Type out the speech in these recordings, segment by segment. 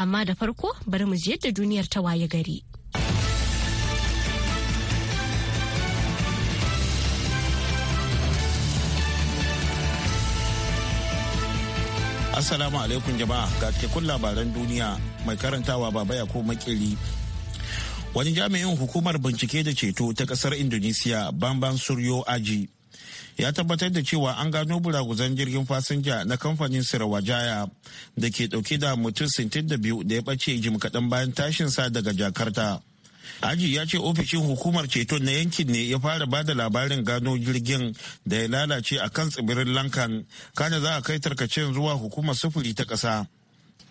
amma da farko bari mu ji yadda duniyar ta waye gari. Assalamu alaikum jama'a ga cikakkun labaran duniya mai karantawa baba ya ko makeri. Wani jami'in hukumar bincike da ceto ta kasar Indonesia Bambam Suryo Aji ya tabbatar da cewa an gano buraguzan jirgin fasinja na kamfanin sirawajaya da ke dauke da mutum 62 da biyu da ya bace jim kaɗan bayan sa daga jakarta aji ya ce ofishin hukumar ceto na yankin ne ya fara ba da labarin gano jirgin da ya lalace a kan tsibirin lankan kana za a kai tarkacen zuwa hukumar sufuri ta ƙasa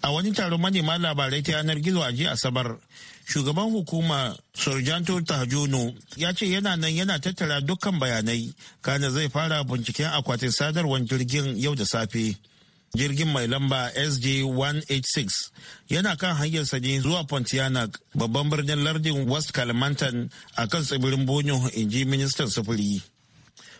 A wani taron manema labarai ta yanar gizo a jiya Asabar, shugaban hukuma Sorjanto Tahjono ya ce yana nan yana tattara dukkan bayanai, kana zai fara binciken akwatin sadarwar jirgin yau da safe. Jirgin mai lamba SJ-186 yana kan hanyarsa ne zuwa Pontianak, babban birnin lardin West Kalimantan a kan tsibirin Bonyo, in ji ministan sufuri.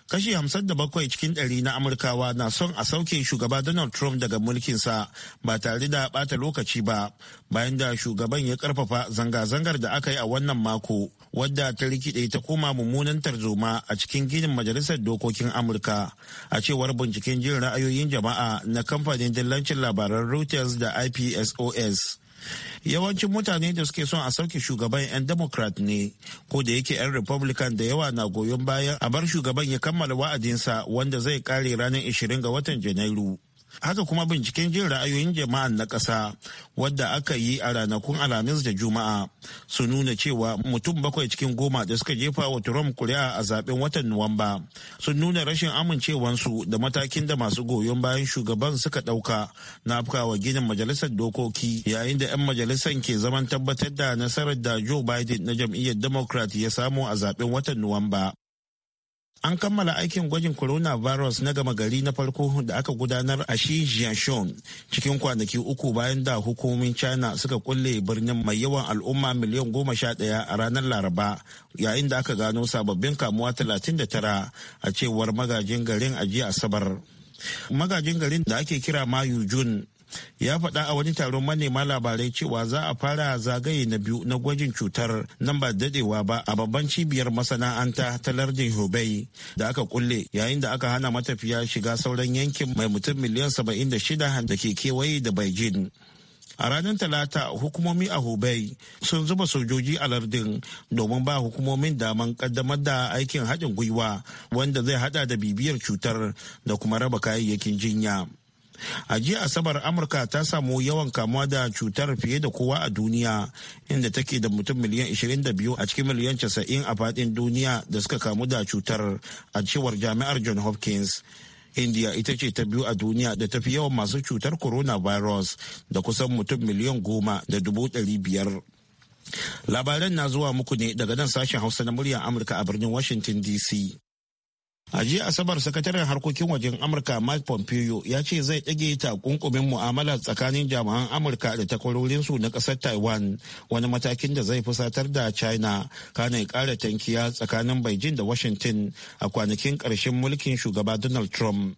kashi hamsin da 57 cikin ɗari na amurkawa na son a sauke shugaba donald trump daga mulkinsa ba tare da bata lokaci ba bayan da shugaban ya karfafa zanga-zangar da aka yi a wannan mako wadda ta rikide ta koma mummunan tarzoma a cikin ginin majalisar dokokin amurka a cewar binciken jin ra'ayoyin jama'a na kamfanin dillancin labaran reuters da ipsos yawancin mutane da suke son a sauke shugaban 'yan democrat ne ko da yake 'yan republican da yawa na goyon bayan a bar shugaban ya kammala wa'adinsa wanda zai kare ranar 20 ga watan janairu haka kuma binciken jin ra'ayoyin jama'an na ƙasa wadda aka yi a ranakun alhamis da juma'a su nuna cewa mutum bakwai cikin goma da suka jefa wa trump kuri'a a zaben watan nuwamba sun nuna rashin amincewansu da matakin da masu goyon bayan shugaban suka ɗauka na afkawa ginin majalisar dokoki yayin da 'yan majalisar ke zaman tabbatar da nasarar da joe biden na jam'iyyar democrat ya samu a zaben watan nuwamba an kammala aikin gwajin coronavirus na gama gari na farko da aka gudanar a shi cikin kwanaki uku bayan da hukumomin china suka kulle birnin mai yawan al'umma miliyan goma sha ɗaya a ranar laraba yayin da aka gano sababbin kamuwa talatin da tara a cewar magajin garin a jiya asabar magajin garin da ake kira mayu jun ya faɗa a wani taron manema labarai cewa za a fara zagaye na biyu na gwajin cutar nan ba dadewa ba a babban cibiyar masana'anta ta lardin hubei da aka kulle yayin da aka hana matafiya shiga sauran yankin mai mutum miliyan 76 da ke kewaye da beijing a ranar talata hukumomi a hubei sun zuba sojoji a lardin domin ba hukumomin daman kaddamar da aikin haɗin gwiwa wanda zai hada da bibiyar cutar da kuma raba kayayyakin jinya a jiya asabar amurka ta samu yawan kamuwa da cutar fiye da kowa a duniya inda take da mutum miliyan 22 a cikin miliyan 90 a fadin duniya da suka kamu da cutar a cewar jami'ar john hopkins india ita ce ta biyu a duniya da tafi yawan masu cutar coronavirus da kusan mutum miliyan goma da dubu ɗari biyar labaran na zuwa muku ne daga nan sashen hausa na muryar amurka a birnin washington dc A jiya Asabar sakataren harkokin wajen Amurka Mike Pompeo ya ce zai ɗage takunkumin mu'amala tsakanin jami'an Amurka da takwarorinsu na ƙasar Taiwan wani matakin da zai fusatar da China kana ƙara tankiya tsakanin Beijing da Washington a kwanakin ƙarshen mulkin shugaba Donald Trump.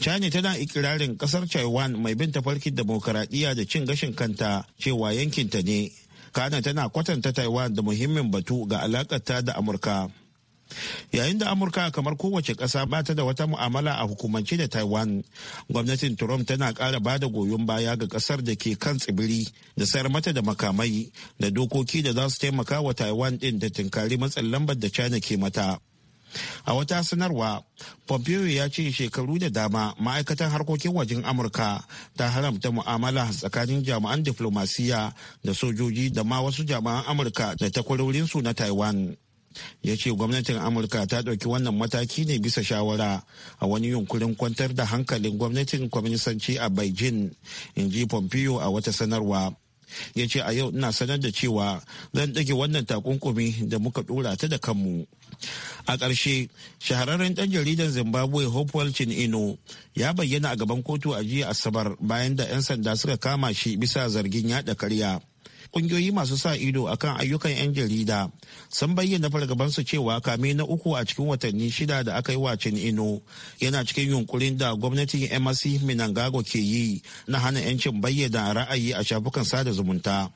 China tana ikirarin ƙasar Taiwan mai bin tafarkin demokaradiyya da cin gashin kanta cewa yankinta ne. Kana tana kwatanta Taiwan da muhimmin batu ga alakata da Amurka. yayin da amurka kamar kowace ƙasa ba ta da wata mu'amala a hukumance da taiwan gwamnatin trump tana ƙara ba da goyon baya ga ƙasar da ke kan tsibiri da sayar mata da makamai da dokoki da za su taimaka wa taiwan ɗin da tinkari matsin lambar da china ke mata a wata sanarwa pompeo ya ce shekaru da dama ma'aikatan harkokin wajen amurka ta haramta mu'amala tsakanin jami'an diflomasiya da sojoji da ma wasu jami'an amurka da takwarorinsu na taiwan ya ce gwamnatin amurka ta ɗauki wannan mataki ne bisa shawara a wani yunkurin kwantar da hankalin gwamnatin kwaminisanci a beijing in ji pompeo a wata sanarwa ya ce a yau ina sanar da cewa zan ɗage wannan takunkumi da muka ɗora ta da kanmu a ƙarshe shahararren ɗan jaridan zimbabwe hopewell ino ya bayyana a gaban kotu a jiya asabar bayan da 'yan sanda suka kama shi bisa zargin yaɗa karya Ƙungiyoyi masu sa ido akan ayyukan 'yan jarida sun bayyana fargabansu cewa kame na uku a cikin watanni shida da aka yi wacin ino yana cikin yunkurin da gwamnatin MRC Minangago ke yi na hana 'yancin bayyana ra'ayi a shafukan sada zumunta.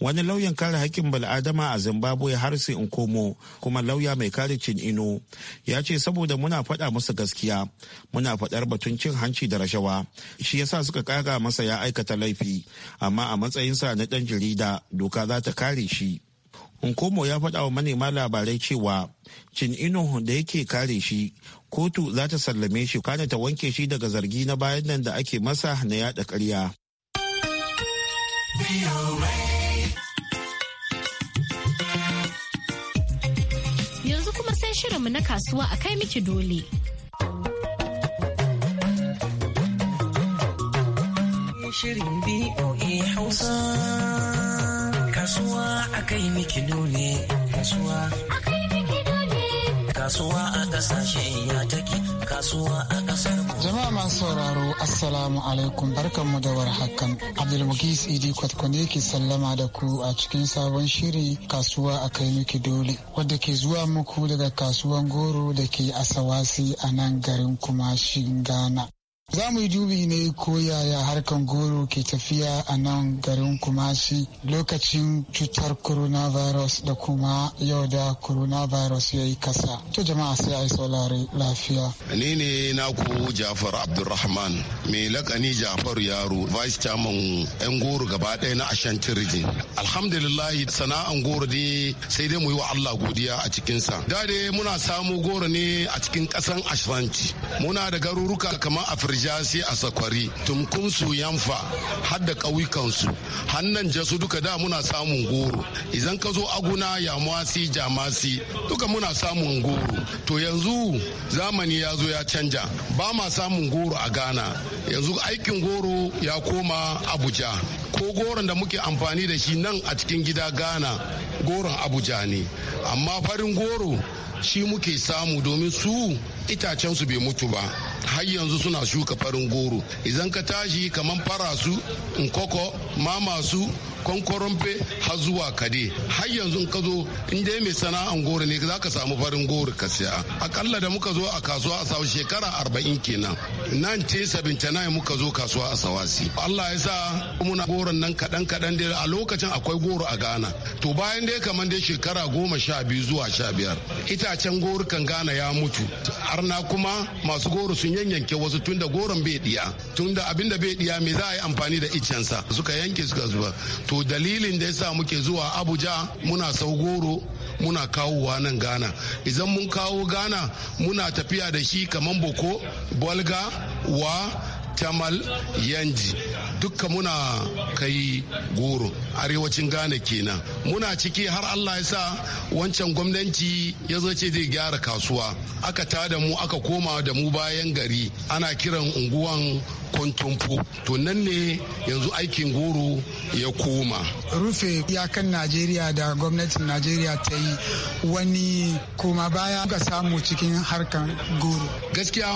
wani lauyan kare hakkin bal'adama a zimbabwe harsi nkomo kuma lauya mai kare cin ino ya ce saboda muna faɗa musu gaskiya muna faɗar batun cin hanci da rashawa shi yasa suka kaga masa ya aikata laifi amma a matsayinsa na ɗan jarida doka za ta kare shi nkomo ya faɗa wa manema labarai cewa cin ino da yake kare shi kotu za ta sallame shi kana ta wanke shi daga zargi na bayan nan da ake masa na yaɗa karya. Yanzu kuma sai shirinmu na kasuwa a kai miki dole. Shirin Hausa Kasuwa a kai miki dole a kai miki a kasashe ya take Kasuwa a kasar Jama'a masu sauraro Assalamu alaikum barkanmu da warhakan. Abdulmugis Idi Kwatkwane ke sallama da ku a cikin sabon shiri kasuwa a kai miki dole wadda ke zuwa muku daga kasuwan goro da ke Asawasi a nan garin Kumashin Ghana. Za mu yi dubi ne ko yaya harkan goro ke tafiya a nan garin Kumasi lokacin cutar coronavirus da kuma yau da coronavirus ya yi kasa. To jama'a sai a yi saurari lafiya. Ni ne na ku Jafar Abdulrahman mai lakani Jafar Yaro vice chairman yan goro gaba ɗaya na Ashanti Rijin. Alhamdulillah sana'an goro ne sai dai mu yi wa Allah godiya a cikinsa. Da dai muna samu goro ne a cikin ƙasan Ashanti. Muna da garuruka kamar Afirka jasi a sakwari tumkunsu yamfa har da ƙauyukansu hannan jasu duka da muna samun goro idan ka zo aguna yamasi jamasi duka muna samun goro to yanzu zamani ya zo ya canja ba ma samun goro a ghana yanzu aikin goro ya koma abuja ko goron da muke amfani da shi nan a cikin gida ghana goron abuja ne amma farin goro shi muke samu domin su itacen su bai mutu ba har yanzu suna shuka farin goro idan ka tashi kamar fara su nkoko mama su kwankwarumfe har zuwa kade har yanzu in ka zo in dai mai sana'an goro ne za ka samu farin goro ka siya akalla da muka zo a kasuwa a sawa shekara arba'in kenan nan ce sabinta nai muka zo kasuwa a sawasi allah ya sa muna goron nan kaɗan kaɗan dai a lokacin akwai goro a ghana to bayan dai kamar dai shekara goma sha biyu zuwa sha biyar itacen gorukan gana ya mutu arna kuma masu goro sun yanyanke wasu tunda goron bai diya tunda abin da bai diya me za a yi amfani da icensa suka yanke suka zuba to dalilin da yasa muke zuwa Abuja muna sau goro muna kawowa nan Ghana idan mun kawo gana muna tafiya da shi kamar boko bolga wa tamal yanji dukka muna kai goro arewacin ghana kenan muna ciki har allah ya sa wancan gwamnati ya zo ce zai gyara kasuwa aka tada mu aka koma da mu bayan gari ana kiran unguwan kwantumfo to nan ne yanzu aikin goro ya koma rufe iyakan najeriya da gwamnatin najeriya ta yi wani koma baya ga samu cikin harkar goro gaskiya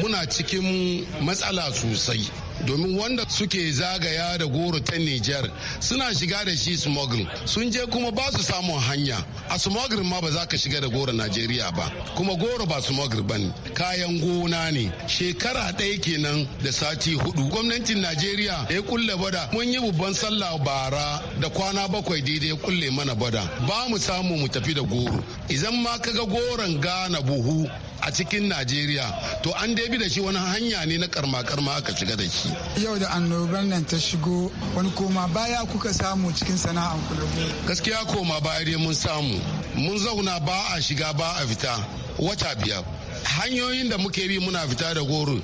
muna cikin matsala sosai domin wanda suke zagaya da goro ta Nijar suna shiga da shi smuggling sun je kuma ba su samun hanya a smuggling ma ba za ka shiga da goro Najeriya ba kuma goro ba smuggling ba ne kayan gona ne shekara ɗaya kenan da sati hudu gwamnatin Najeriya da ya kulle bada mun yi babban sallah bara da kwana bakwai daidai kulle mana bada ba mu samu mu tafi da goro idan ma kaga goron gana buhu a cikin najeriya to an dai bi da shi wani hanya ne na karma karma aka shiga da shi yau da annobar nan ta shigo wani koma baya kuka samu cikin sana'a gaskiya koma baya dai mun samu mun zauna ba a shiga ba a fita wata biyar hanyoyin da muke bi muna fita da goro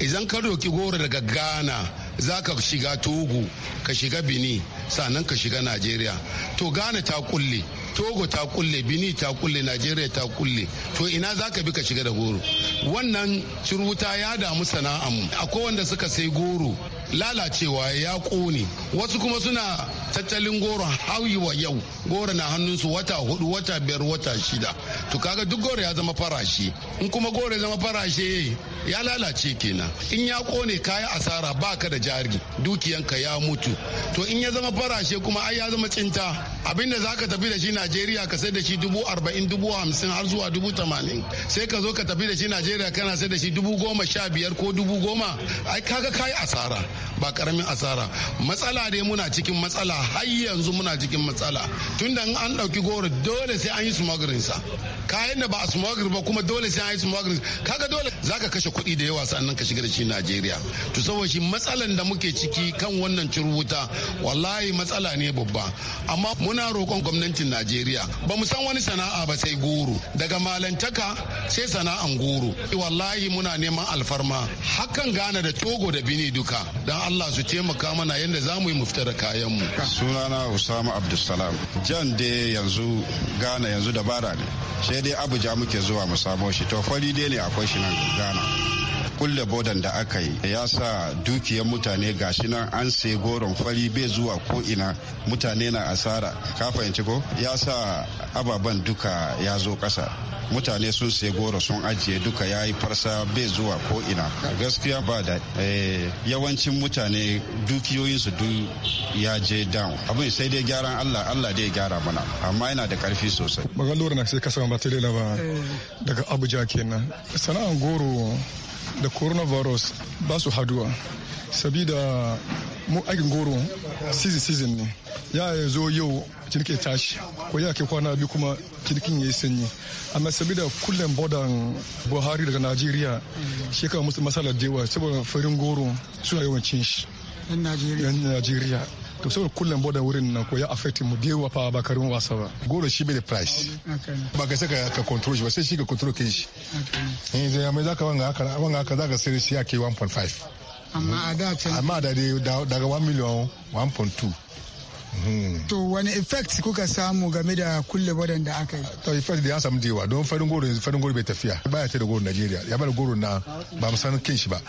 idan ka doki goro daga ghana za ka shiga togo ka shiga benin sannan ka shiga najeriya to ghana ta kulle togo ta kulle bini ta kulle najeriya ta kulle to ina za ka bi ka shiga da goro wannan ciruta ya damu mu akwai wanda suka sai goro lalacewa ya ƙone wasu kuma suna tattalin goro hawiwa yau goro na hannunsu wata hudu wata biyar wata shida to kaga duk goro ya zama farashe in kuma goro ya zama farashe ya lalace kenan in ya ƙone kaya asara baka da jari dukiyanka ya mutu to in ya zama farashe kuma ai ya zama tsinta abinda zaka tafi da shi Najeriya ka sai da shi dubu arba'in dubu hamsin har zuwa dubu tamanin sai ka zo ka tafi da shi Najeriya kana sai da shi dubu goma sha biyar ko dubu goma ai kaga kayi asara ba karamin asara matsala dai muna cikin matsala har yanzu muna cikin matsala tunda da an ɗauki goro dole sai an yi smuggling sa kayan da ba a smuggling ba kuma dole sai an yi smuggling kaga dole zaka kashe kuɗi da yawa sannan ka shiga da shi Najeriya to saboda shi matsalan da muke ciki kan wannan curwuta wallahi matsala ne babba amma muna roƙon gwamnatin Najeriya ba mu san wani sana'a ba sai goro daga malantaka sai sana'an goro wallahi muna neman alfarma hakan gana da togo da bini duka dan Allah su taimaka mana yadda za mu yi mu fita da kayan mu sunana Usama Abdulsalam jan da yanzu Ghana yanzu dabara ne sai dai Abuja muke zuwa mu samo shi to fari dai ne akwai shi nan Ghana kulle bodan da aka yi ya sa dukiyar mutane gashi nan an sai goron fari bai zuwa ko ina mutane na asara ka fahimci ko ya sa ababen duka ya zo kasa mutane sun sai goro sun ajiye duka ya yi farsa bai zuwa ko ina gaskiya ba da eh, yawancin mutane dukiyoyinsu duk ya je down abin sai dai gyaran allah allah dai gyara mana amma yana da karfi sosai lura na sai kasa ba eh. daga abuja kenan sana'an goro da coronavirus ba su haduwa sabida mu aikin goro season season ne ya ya zo yau kirke tashi ko ya ke kwana biyu kuma jirgin ya yi sanyi amma sabida kullum bodan buhari daga najeriya shi kan musu masalar jewa saboda farin goro suna yawan cin shi yan najeriya to saboda kullum bodan wurin nan ko ya affect mu da yawa fa ba karin wasa ba goro shi bai da price ba ka saka ka control shi ba sai shi ka control kin shi eh zai mai zaka wanga haka wanga haka zaka sai shi ake 1.5 amma a da can amma da daga 1 million 1.2 to wani effect kuka samu game da kulle waɗanda aka yi to effect da ya samu da yawa don farin goro farin goro bai tafiya baya ta da goro Najeriya ya bar goro na ba mu san kin shi ba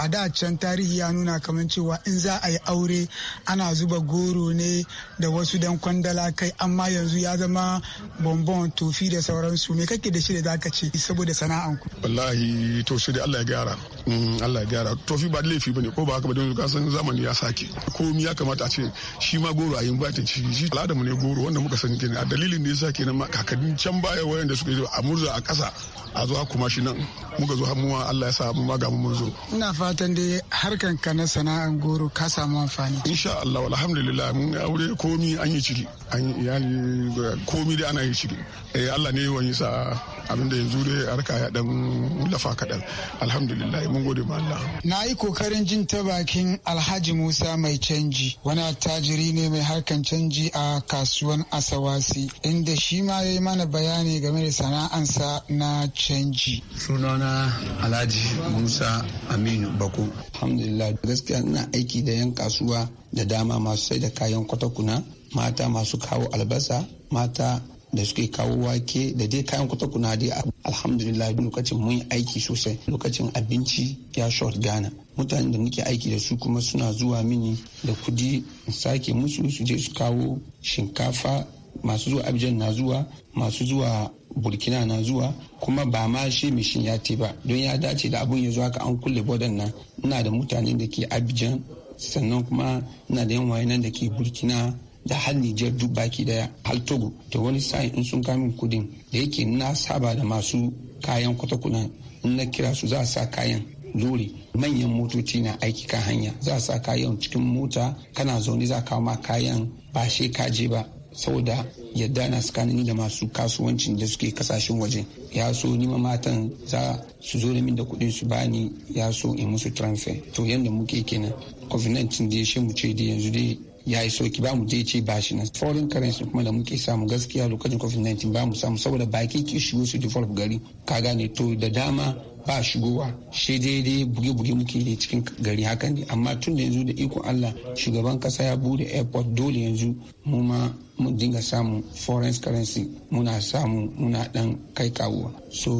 a da can tarihi ya nuna kamar cewa in za a yi aure ana zuba goro ne da wasu dan kwandala kai amma yanzu ya zama bonbon tofi da sauransu me kake da shi da zaka ce saboda sana'an ku wallahi to shi da Allah ya gyara mm, Allah ya gyara tofi ba laifi bane ko ba haka ba don ka san zamani ya sake komi ya kamata a ce shi ma goro a inviting shi shi al'adamu ne goro wanda muka sani kenan a dalilin da yasa kenan ma kakannin can baya wayanda suka yi a murza a ƙasa a zuwa kuma shi nan muka zo hamuwa Allah ya sa mu ga mun zo ina fatan dai harkan ka na sana'an goro ka samu amfani insha Allah alhamdulillah mun aure komi an yi ciki an yi iyali komi dai ana yi ciki eh Allah ne wani sa abinda yanzu dai harka ya dan lafa kadan alhamdulillah mun gode ma Allah na yi kokarin jin ta bakin Alhaji Musa mai canji wani attajiri ne mai har harkan canji a kasuwan asawasi inda shi ma ya yi mana bayani game da sana'ansa na canji sunana alhaji musa aminu bako alhamdulillah gaskiya ina aiki da yan kasuwa da dama masu sai da kayan kwatakuna mata masu kawo albasa mata da suke kawo wake da dai kayan kuna dai alhamdulillah lokacin mun yi aiki sosai lokacin abinci ya short gana mutanen da muke aiki da su kuma suna zuwa mini da kudi sake musu su je su kawo shinkafa masu zuwa abidjan na zuwa masu zuwa burkina na zuwa kuma ba ma shi mishin ya te ba don ya dace da abun ya zo haka an kulle bodan nan ina da mutanen da ke abidjan sannan kuma ina da yan nan da ke burkina da har Nijar duk baki daya har Togo to wani sa'in in sun kamin kudin da yake na saba da masu kayan kwatakunan in na kira su za a sa kayan lori manyan motoci na aiki kan hanya za a sa kayan cikin mota kana zaune za kawo ma kayan ba she je ba saboda yadda na tsakanin da masu kasuwancin da suke kasashen waje ya so nima matan za su zo da min da kuɗin su bani ya so in musu transfer to yanda muke kenan covid-19 dai shi mu ce da yanzu dai ya iso ki ba mu je ce ba shi na foreign currency kuma da muke samu gaskiya lokacin covid-19 ba mu samu saboda baki ki shigo su develop gari ka gane to da dama ba shigowa shi daidai buge-buge muke da cikin gari haka ne amma tun da yanzu da iko allah shugaban kasa ya bude airport dole yanzu mu ma mun dinga samun foreign currency muna samu muna dan kai kawo so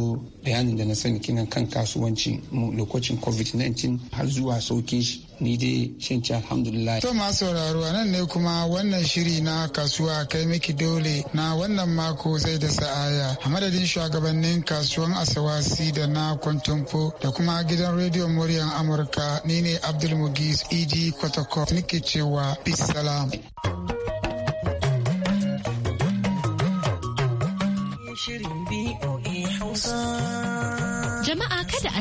bayanin da na sani kinan kan kasuwanci mu lokacin covid-19 har zuwa sauke shi ni dai shan ci alhamdulillah. To masu sauraro nan ne kuma wannan shiri na kasuwa kai miki dole na wannan mako zai da sa'aya a madadin shugabannin kasuwan asawasi da na kwantumfo da kuma gidan rediyon muryan amurka ni ne abdulmugis ed kwatakwa nike cewa peace salam.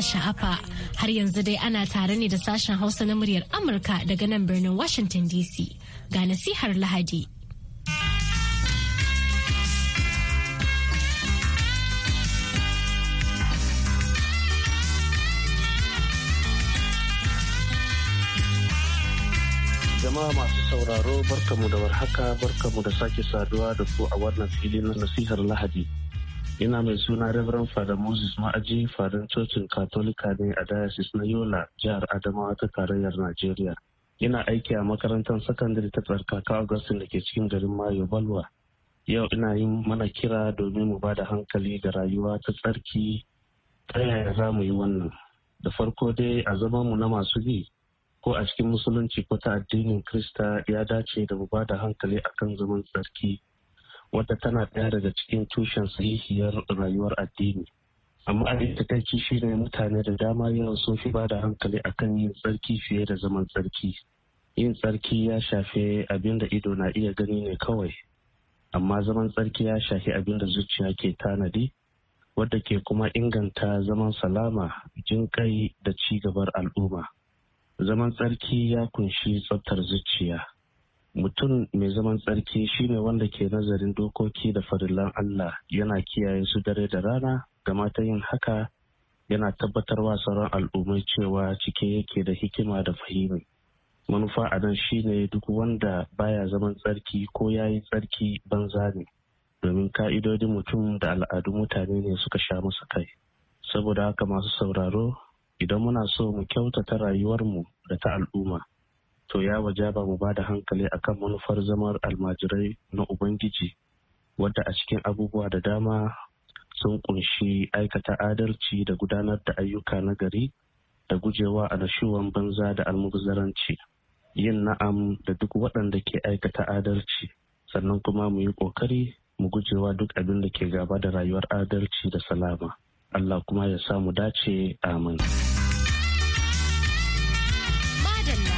a sha'afa har yanzu dai ana tare ne da sashen hausa na muryar amurka daga nan birnin washington dc ga nasihar lahadi jama'a masu sauraro barkamu da warhaka barkamu da sake saduwa da ku a wannan filin nasihar lahadi Ina mai suna Reverend Father Moses Ma'aji farin cocin Katolika ne a Diocese na Yola, jihar Adamawa ta tarayyar Najeriya. Ina aiki a makarantar sakandare ta tsarkaka Augustin da ke cikin garin Mayo Balwa. Yau ina yin mana kira domin mu ba da hankali da rayuwa ta tsarki ta yaya za mu yi wannan. Da farko dai a zaman mu na masu bi ko a cikin musulunci ko ta addinin Krista ya dace da mu ba da hankali akan zaman tsarki. wadda tana ɗaya daga cikin tushen sahihiyar rayuwar addini amma a ta shi ne mutane da dama yawan sun fi ba da hankali akan yin tsarki fiye da zaman tsarki yin tsarki ya shafi abin da ido na iya gani ne kawai amma zaman tsarki ya shafi abin da zuciya ke tanadi wadda ke kuma inganta zaman salama jin kai da ci gabar al'umma zaman tsarki ya kunshi tsabtar zuciya mutum mai zaman tsarki shi ne wanda ke nazarin dokoki da farillan Allah yana kiyaye su dare da rana gama ta yin haka yana tabbatar wa sauran al'ummai cewa cike yake da hikima da fahimi manufa a nan shi ne duk wanda baya zaman tsarki ko ya yi tsarki banza ne domin ka'idodin mutum da al'adun mutane ne suka sha masa kai saboda haka masu sauraro idan muna so mu kyautata rayuwarmu da ta al'umma to ya ba mu ba da hankali akan manufar zamar almajirai na ubangiji wadda a cikin abubuwa da dama sun kunshi aikata adalci da gudanar da ayyuka na gari da gujewa a nashuwan banza da almubzaranci yin na'am da duk waɗanda ke aikata adalci sannan kuma mu yi ƙoƙari mu gujewa duk abin da ke gaba da rayuwar adalci da salama Allah kuma ya sa mu dace amin. Madalla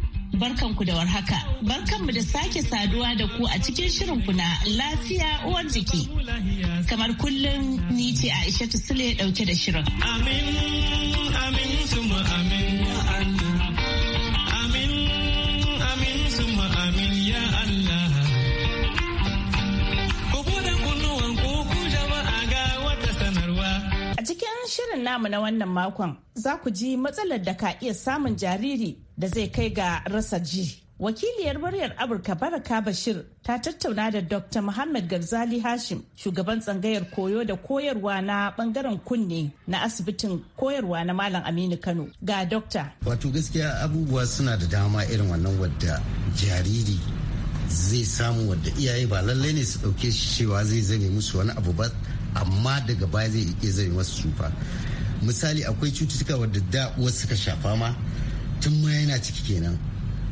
barkanku da warhaka. Barkanmu da sake saduwa da ku a cikin shirin ku na lafiya uwar jiki. Kamar kullum ni ce Aisha Sule dauke da shirin. Amin, amin, amin. shirin namu na wannan makon za ku ji matsalar da ka iya samun jariri da zai kai ga rasa ji. Wakiliyar muryar Amurka Baraka Bashir ta tattauna da Dr. Muhammad Garzali Hashim, shugaban tsangayar koyo da koyarwa na bangaren kunne na asibitin koyarwa na Malam Aminu Kano ga Dokta. Wato gaskiya abubuwa suna da dama irin wannan wadda jariri zai samu wadda iyaye ba lallai ne su ɗauke shi cewa zai zame musu wani abu ba amma daga baya zai iya zai masu tsufa misali akwai cututtuka wadda da wasu suka shafa ma tun ma yana ciki kenan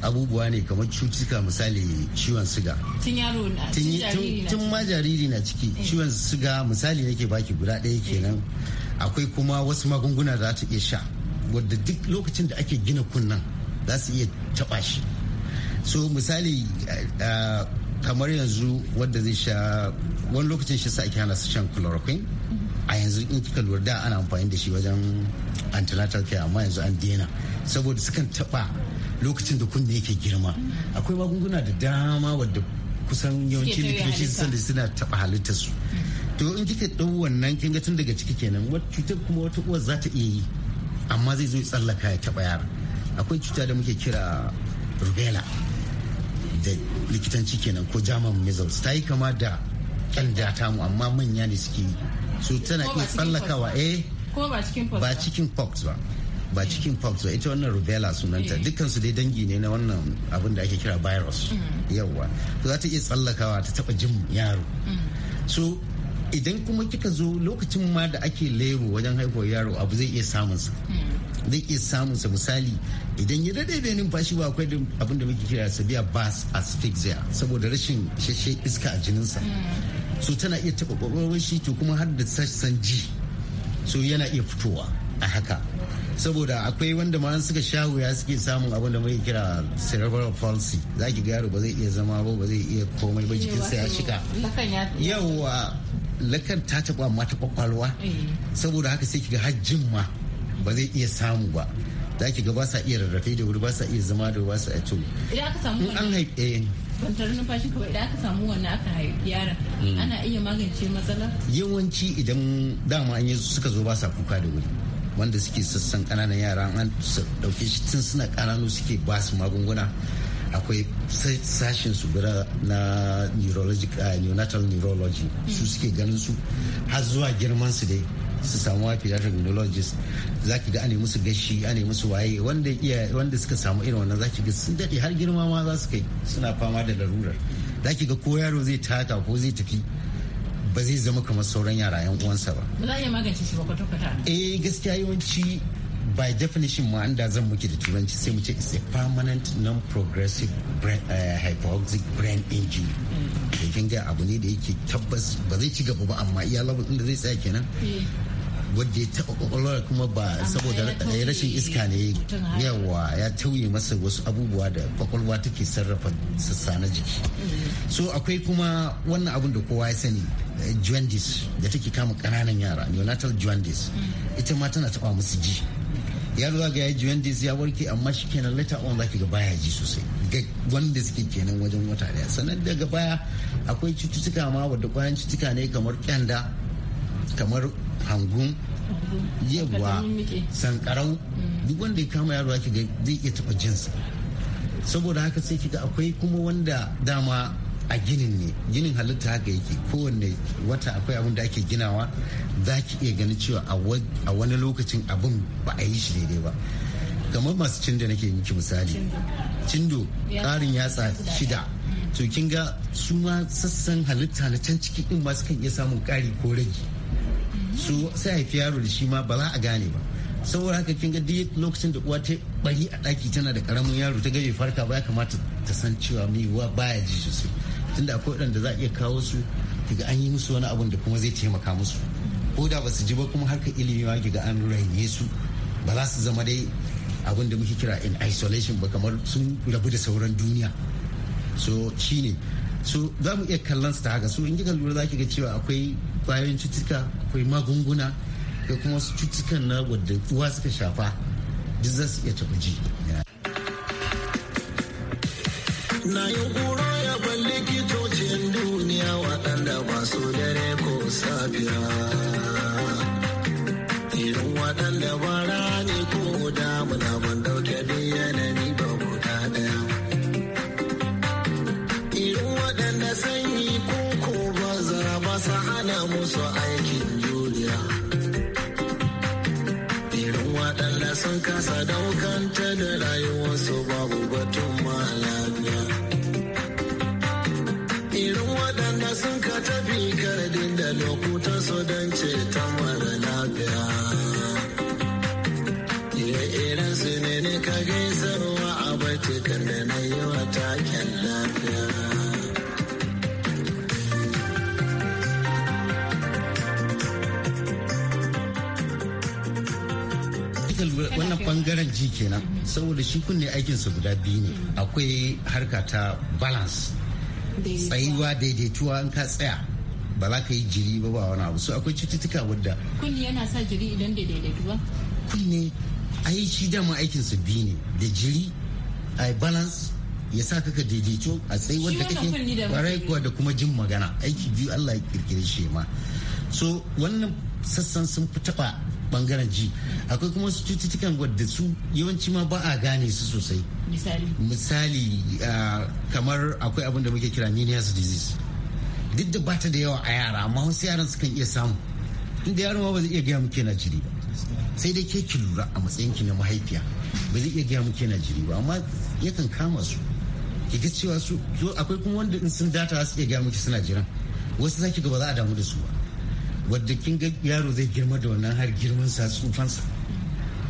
abubuwa ne kamar cututtuka misali ciwon siga tun ma jariri na ciki eh. ciwon siga misali nake baki guda ɗaya kenan eh. akwai kuma wasu magunguna da ta iya sha wadda duk lokacin da ake gina kunnan za su iya taɓa shi so misali eh, kamar yanzu wadda zai sha wani lokacin shi sa ake hana su shan chloroquine a yanzu in kika lura da ana amfani da shi wajen antenatal care amma yanzu an daina saboda sukan taba lokacin da kunne yake girma akwai magunguna da dama wadda kusan yawancin likitoci sun da suna taba halittar su to in kika dau wannan kin tun daga ciki kenan wata cutar kuma wata uwar za ta iya yi amma zai zo ya tsallaka ya taba yara akwai cuta da muke kira rubella da likitanci kenan ko german measles ta yi kama da kyanda mu amma manya ne suke yi su tana iya tsallakawa eh ba cikin pox eh? ba ba cikin pox ba ita wannan rubella sunanta eh. dukansu dai dangi ne na wannan abin da ake kira virus mm. Yawwa za ta iya tsallakawa ta taba jin yaro mm. so idan kuma kika zo lokacin ma da ake lero wajen haihuwar yaro abu zai iya samun samunsa mm. zai iya samunsa misali idan ya daɗe da numfashi ba akwai abin da muke kira severe bas asphyxia saboda rashin isasshen iska a jininsa hmm. so tana iya taba kwakwalwar shi to kuma har da sassan ji so yana iya fitowa a haka saboda akwai wanda ma suka sha wuya suke samun abin da muke kira cerebral palsy za ki ga yaro ba zai iya zama ba ba zai iya komai ba jikinsa ya shika eh, yawa lakan ta taɓa mata ta eh. saboda haka sai ki ga har jin ma ba zai iya samu ba za ki ga ba sa iya rarrafe da wuri ba sa iya zama da ba sa iya idan aka samu an haifi. Eh. ban tarin numfashi kawai idan aka samu wannan aka haifi yara. Hmm. ana iya magance matsalar yawanci idan dama an yi suka zo ba sa kuka da wuri wanda suke sassan kananan yara an dauke shi tun suna kananu suke ba su magunguna akwai sashen su bira na neurological ah, neonatal neurology su suke ganin su har zuwa girman su dai su samu pediatric neurologist za ki ga ane musu gashi ane musu waye wanda iya wanda suka samu irin wannan za ki ga sun dade har girma ma za su kai suna fama da larurar za ki ga ko yaro zai taka ko zai tafi ba zai zama kamar sauran yara yan uwansa ba. Ba za a iya magance shi ba kwata-kwata. Eh gaskiya yawanci by definition ma da zan muke da turanci sai mu ce it's a permanent non-progressive brain, uh, hypoxic brain injury da mm. kin ga abu ne da yake tabbas ba zai ci gaba ba amma iya labar inda zai tsaya kenan eh. wadda ya taɓa ƙwaƙwalwar kuma ba saboda rashin iska ne yawa ya tauye masa wasu abubuwa da ƙwaƙwalwa take sarrafa sassa na jiki mm-hmm. so akwai kuma wannan abin da kowa ya sani eh, jaundice da take kama ƙananan yara neonatal jaundice mm-hmm. ita ma tana taɓa musu ji ya ruwa ga ya jaundice ya warke amma shi kenan later on ki ga baya ji sosai ga wanda suke kenan wajen wata daya sannan daga baya akwai cututtuka ma wadda kwayan cututtuka ne kamar kyanda kamar hangun yawa sankarau mm. duk wanda ya kama yaro ake ga zai iya taɓa jinsa saboda haka sai kiga akwai kuma wanda dama a ginin ne ginin halitta haka yake kowanne wata akwai abin da ake ginawa za ki iya ganin cewa a wani lokacin abin ba a yi shi daidai ba kamar masu cindo nake miki misali cindo karin yatsa shida to kin ga su sassan halitta na can ciki in masu kan iya samun kari ko rage su sai haifi yaro da shi ma ba za a gane ba saboda haka kin ga duk lokacin da uwa ta bari a daki tana da karamin yaro ta gabe farka ba ya kamata ta san cewa mai uwa baya ji sosai tunda akwai waɗanda za a iya kawo su daga an yi musu wani abun da kuma zai taimaka musu ko da ba su ji ba kuma harkar ilimi ma ga an raine su ba za su zama dai abin da muke kira in isolation ba kamar sun rabu da sauran duniya so shine so za mu iya kallon su ta haka so in kika lura za ki ga cewa akwai kwayoyin cutuka akwai magunguna da kuma wasu cutukan na wadda uwa suka shafa duk za su iya taɓa ji. Na yau ya ban likitoci ɗaukanta da rayuwarsu babu batun malamiya irin waɗanda sun ka tafi kardin da lokutan su don ceton bangaren ji kenan saboda shi kunne aikinsa guda biyu ne akwai harka ta balance tsayuwa daidaituwa in ka tsaya ba za ka yi jiri ba ba wani abu so akwai cututtuka wadda kunne yana sa jiri idan da daidaituwa kunne a yi shi dama aikinsa biyu ne da jiri a balance ya sa kaka daidaito a tsayuwar da kake kwarai kuwa da kuma jin magana aiki biyu Allah ya kirkire shi ma so wannan sassan sun fi taba bangaren ji akwai kuma su cututtukan wadda su yawanci ma ba a gane su sosai misali kamar akwai abin da muke kira menias disease duk da bata da yawa a yara amma wasu yaran sukan iya samu inda yaro ma ba zai iya gaya muke na jiri ba sai dai ke ki lura a matsayin ki na mahaifiya ba zai iya gaya muke na jiri ba amma yakan kama su ki ga cewa su akwai kuma wanda in sun data su iya gaya muke suna jiran wasu zaki ga ba za a damu da su ba wadda kin ga yaro zai girma da wannan har girman sa tsufansa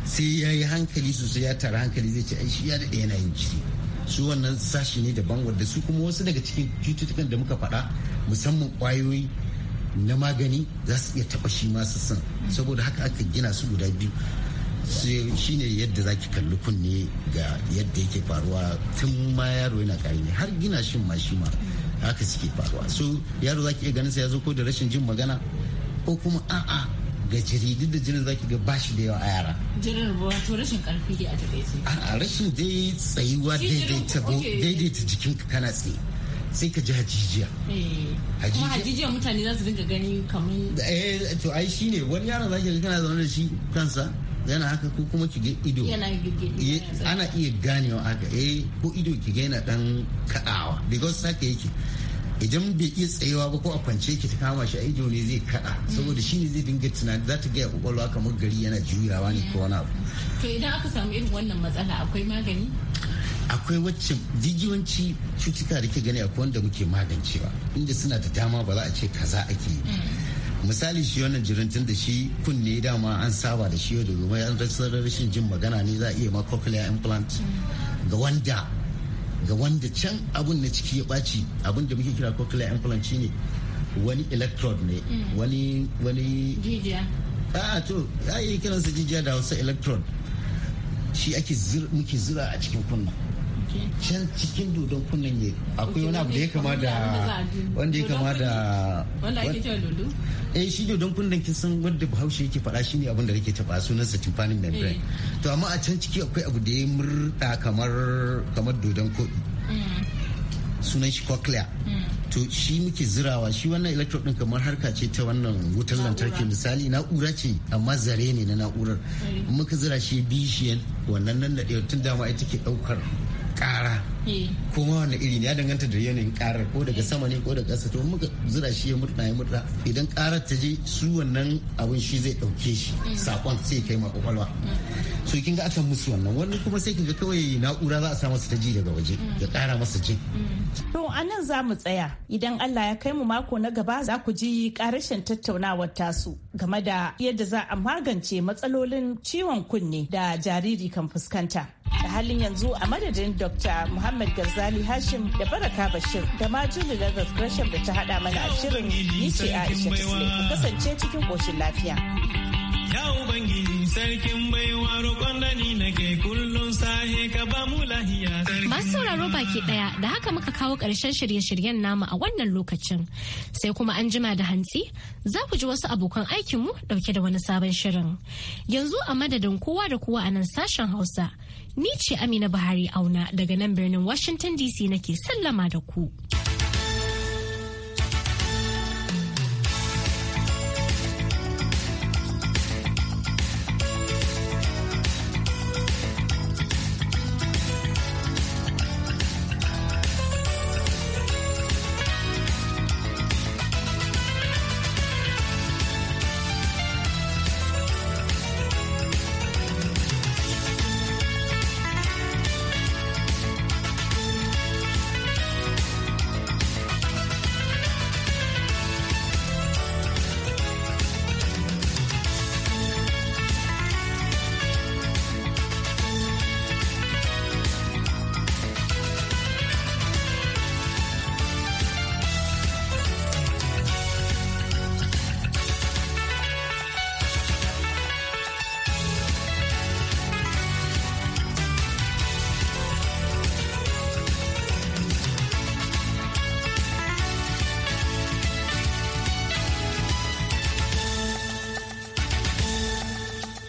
sai ya yi hankali sosai ya tara hankali zai ce ai shi ya da yana yin jiri su wannan sashi ne daban wadda su kuma wasu daga cikin cututtukan da muka faɗa musamman kwayoyi na magani za su iya taɓa shi masu san saboda haka aka gina su guda biyu shi ne yadda za ki kalli kunne ga yadda yake faruwa tun ma yaro yana ne har gina shin ma shi ma haka suke faruwa so yaro za ki iya ganin sa ya zo ko da rashin jin magana ko kuma a'a ga jiri duk da jinin zaki ga bashi da yawa a yara. Jinin ruwa to rashin karfi ne a takaice. A'a rashin dai tsayuwa daidaita jikin kana tsaye. sai ka ji hajijiya. Eh, kuma hajijiya mutane za su dinga gani kamar. Eh to ai ne wani yaron zaki kana zaune da shi kansa yana haka ko kuma ki ga ido eh, ana iya ganewa haka eh ko ido ki ga yana dan kadawa because sake yake idan bai iya tsayewa ba ko a kwance ki ta kama shi a ido ne zai kada saboda shi ne zai dinga tunani za ta gaya kwakwalwa kamar gari yana juyawa ne ko wani abu to idan aka samu irin wannan matsala akwai magani akwai wacce jijiyoyin cutuka da ke gani akwai wanda muke magancewa inda suna da dama ba za a ce kaza ake yi mm. misali shi wannan jirintun da shi kunne dama an saba da shi yau da gobe an rashin jin magana ne za a iya ma cochlear implant mm. ga wanda ga wanda can abun na ciki ya ɓaci abun da muke kira cochlear implant ne wani electrode ne mm. wani wani jijiya a to ya yi kiransa jijiya da hausa electrode shi ake muke zira a cikin kunna can cikin dodon kunnen ne akwai wani abu da ya kama da wanda ya kama da wanda ake cewa dodo eh shi dodon kunnen kin san wanda bahaushe yake faɗa shine abin da yake taba sunan sa tympanic membrane eh. to amma a can ciki akwai abu da ya murda kamar kamar dodon koɗi mm. sunan shi cochlea mm. to shi muke zirawa shi wannan electrode din kamar harka ce ta wannan wutar lantarki misali na'ura ce amma zare ne na na'urar eh. muka zira shi bishiyan wannan nan da tun dama ita ke daukar ƙara e. kuma wani iri ne ya danganta da yanayin karar ko daga sama ne ko daga ƙasa muka zura shi ya murna ya murna idan karar ta je su wannan abin shi zai ɗauke shi mm. sakon sai kai ma kwakwalwa mm. so kin ga aka musu wannan wani kuma sai kin ga kawai na'ura za a sa masa ta ji daga waje mm. ya ƙara masa ji. to a nan za mu tsaya idan Allah ya kai mu mako na gaba za ku ji ƙarashin tattaunawar tasu game da yadda za a magance matsalolin ciwon kunne da jariri kan fuskanta. halin yanzu a madadin Dr. Muhammad Garzali Hashim da Baraka Bashir da ma Julie Lazarus da ta hada mana a shirin ni Aisha Tisle kasance cikin koshin lafiya. Ya Ubangiji sarkin baiwa roƙon da ni nake kullum sahe ka ba lahiya. Masu sauraro baki ɗaya da haka muka kawo ƙarshen shirye-shiryen namu a wannan lokacin. Sai kuma an jima da hantsi za ku ji wasu abokan aikinmu ɗauke da wani sabon shirin. Yanzu a madadin kowa da kowa a nan sashen Hausa. Ni ce Amina Buhari Auna daga nan birnin Washington DC nake sallama da ku.